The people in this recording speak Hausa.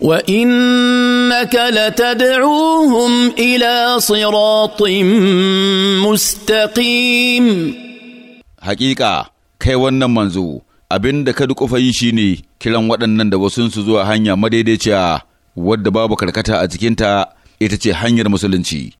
وانك لتدعوهم الى صراط مستقيم حقيقه kai wannan manzo abin da ka duƙufa yi shine kiran waɗannan da wasunsu zuwa hanya madaidaiciya wadda babu karkata a cikinta ita ce hanyar musulunci